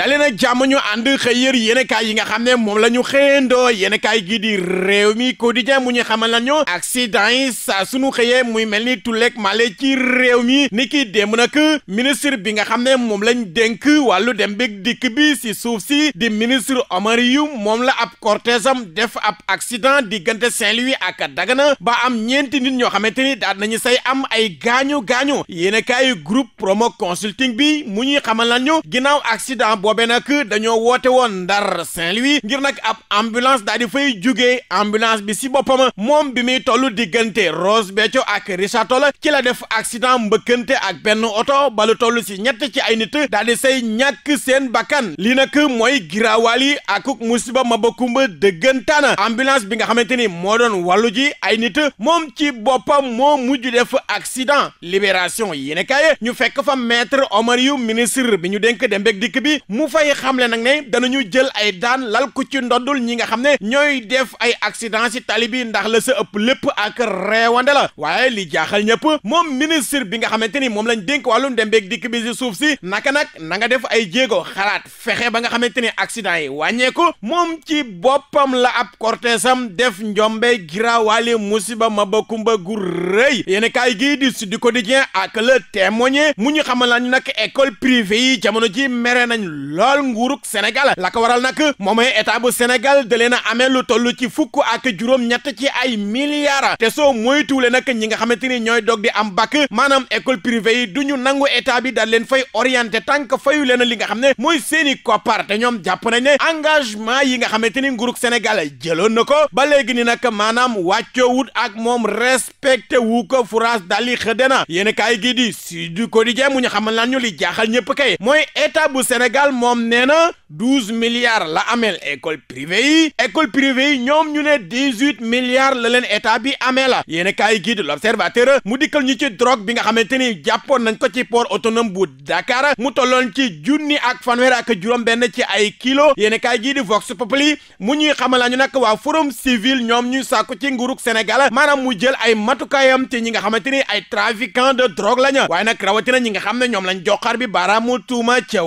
dali na jàmm ñu ànd xëy yër yéenekaay yi nga xam ne moom la ñu xëyandoo yéenekaay gi di réew mi quotidien mu ñu xamal la ñu accident yi sa sunu xëyee muy mel ni tulleeg male ci réew mi ni kii ki démb nag ministre bi nga xam ne moom lañ dénk wàllu dem bég dikk bi si suuf si di ministre Omar Youm moom la ab cortège am def ab accident diggante Saint-Louis ak Dagana ba am ñeenti nit ñoo xamante ni daan nañu say am ay gaañu gaañu yéenekaay groupe promo consulting bi mu ñuy xamal la ñu ginnaaw accident boobe nag dañoo woote woon Ndar Saint-Louis ngir nag ab ambulance daal di fay jugee ambulance bi si boppam moom bi muy toll diggante Ross Béthio ak Richard Toll ci la def accident mbëkkante ak benn oto ba lu toll si ñett ci ay nit daal di say ñàkk seen bakkan lii nag mooy giraawaal yi ak musiba ma bakumba dëggantaana ambulance bi nga xamante ni moo doon wàllu ji ay nit moom ci boppam moo mujj def accident libération yéen a kaay ñu fekk fa maître Omar Youm ministre bi ñu dénk dem beeg dikk bi. mu fay le nag ne danañu jël ay daan lal ku ci ndoddul ñi nga xam ne ñooy def ay accident ci tali bi ndax la sa ëpp lépp ak reewande la waaye li jaaxal ñëpp moom ministre bi nga xamante ni moom lañ dénk walu dem beeg dikk suuf si naka nag nanga def ay jéego xalaat fexe ba nga xamante ni accident yi wàññeeku moom ci boppam la ab cortège am def njombe giraawaali musiba ma ba kumba gu rëy yéen kaay gii di Sud Quotidien ak Le Témoin mu ñu xamal nañ nag école privée yi jamono ji mere nañ lool nguurug Sénégal la waral nag moom mooy état bu Sénégal da leen a amee lu toll ci fukk ak juróom-ñett ci ay milliards te soo moytuwulee nag ñi nga xamante ni ñooy dog di am bac maanaam école privée yi du ñu nangu état bi daal leen fay orienté tànk fayu leen li nga xam ne mooy seeni koppar ñoom jàpp nañ ne engagement yi nga xamante ni nguurug Sénégal jëloon na ko ba léegi ni nag maanaam wàccoowut ak moom respecté wu ko France daal di xëdde na yéen a kaay gii di Sud Quotidien mu ñu xamal lan ñu li jaaxal ñëpp kay mooy état bu Sénégal Sall moom nee na douze milliards la ameel école privée yi école privée yi ñoom ñu ne dix-huit milliards la leen état bi amee la yéen a kaay gii di l'observateur mu dikkal ñu ci drogue bi nga xamante ni jàppoon nañ ko ci port otonom bu Dakar mu tolloon ci junni ak fanweer ak juróom-benn ci ay kilo yéen a kaay gii di Vox Populi mu ñuy xamal ñu nag waa forum civil ñoom ñuy sàkku ci nguurug Sénégal maanaam mu jël ay matukaayam ci ñi nga xamante ni ay trafiquants de drogue lañu waaye nag rawatina ñi nga xam ne ñoom lañ joxar bi baaraamu tuuma ca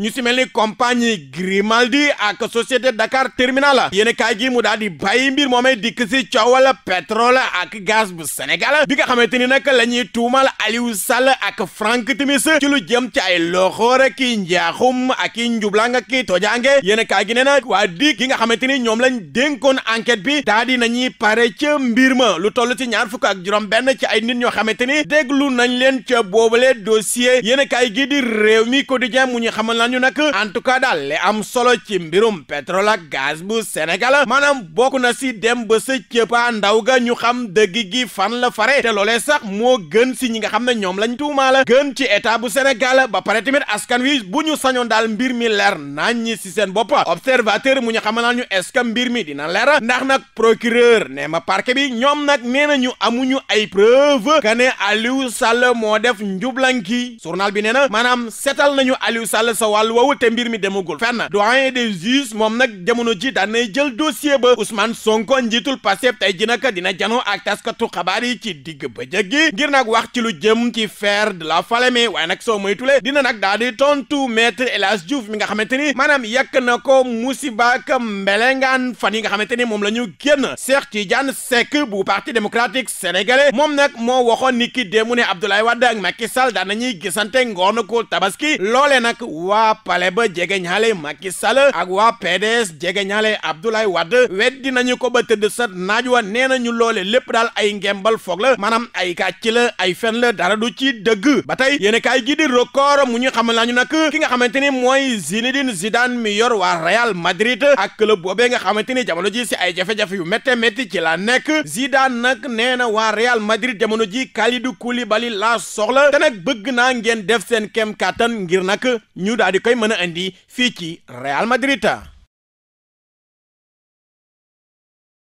ñu si mel ni compagnie Grimaldi ak société Dakar Terminal yéen kaay gi mu daal di bàyyi mbir moomee dikk si coowal pétrole ak gaz bu Sénégal bi nga xamante ni nag la ñuy tuumal Aliou sal ak Franck Timis ci lu jëm ci ay loxoore ki njaaxum ak i njublang ak i tojange yéen kaay gi nee na waa di gi nga xamante ni ñoom lañ dénkoon enquête bi daal di nañuy pare ca mbir ma lu toll ci ñaar fukk ak juróom benn ci ay nit ñoo xamante ni déglu nañ leen ca boobale dossier yéen kaay nañu nag en tout cas daal li am solo ci mbirum pétrole ak gaz bu Sénégal maanaam bokk na si dem ba sa cëppaa ndaw ga ñu xam dëgg gi fan la fare te loolee sax moo gën si ñi nga xam ne ñoom lañ tuumaa la gën ci état bu Sénégal ba pare tamit askan wi bu ñu sañoon daal mbir mi leer nañ ñi si seen bopp observateur mu ñu xamal ñu est-ce que mbir mi dina leer ndax nag procureur nee ma parquet bi ñoom nag nee na ñu amuñu ay preuve que ne Aliou Sall moo def njublanki journal bi nee na maanaam wàllu woowu te mbir mi demagul fenn doyen des juges moom nag jamono ji daan nay jël dossier ba Ousmane Sonko njiitul Pastef tey ji nag dina janoo ak taskatu xabaar yi ci digg ba gi ngir nag wax ci lu jëm ci fer de la Falémé waaye nag soo moytulee dina nag daal di tontu maître El Hadj mi nga xamante ni maanaam yàq na ko musiba ak mbelengaan fan yi nga xamante ni moom la ñu génn Cheikh Tidiane sek bu parti démocratique sénégalais moom nag moo waxoon ni ki déemu ne Abdoulaye Wade ak Macky Sall daan nañuy gisante ngoon ko tabaski loolee waa pale ba jege ñaale Macky Sall ak waa PDS jege ñaale Abdoulaye Wade weddi nañu ko ba tëdd sat naaj wa nee nañu loole lépp daal ay ngembal foog la maanaam ay kàcc la ay fen la dara du ci dëgg ba tey yéen kaay gi di record mu ñu xamal nañu nag ki nga xamante ni mooy Zinedine Zidane mi yor waa Real Madrid ak club boobee nga xamante ni jamono ji si ay jafe-jafe yu métte métti ci la nekk Zidane nag nee na waa Real Madrid jamono ji Kalidou bali laa soxla te nag bëgg naa ngeen def seen kem kàttan ngir nag ñu daal li mën a andi fii ci Real Madrid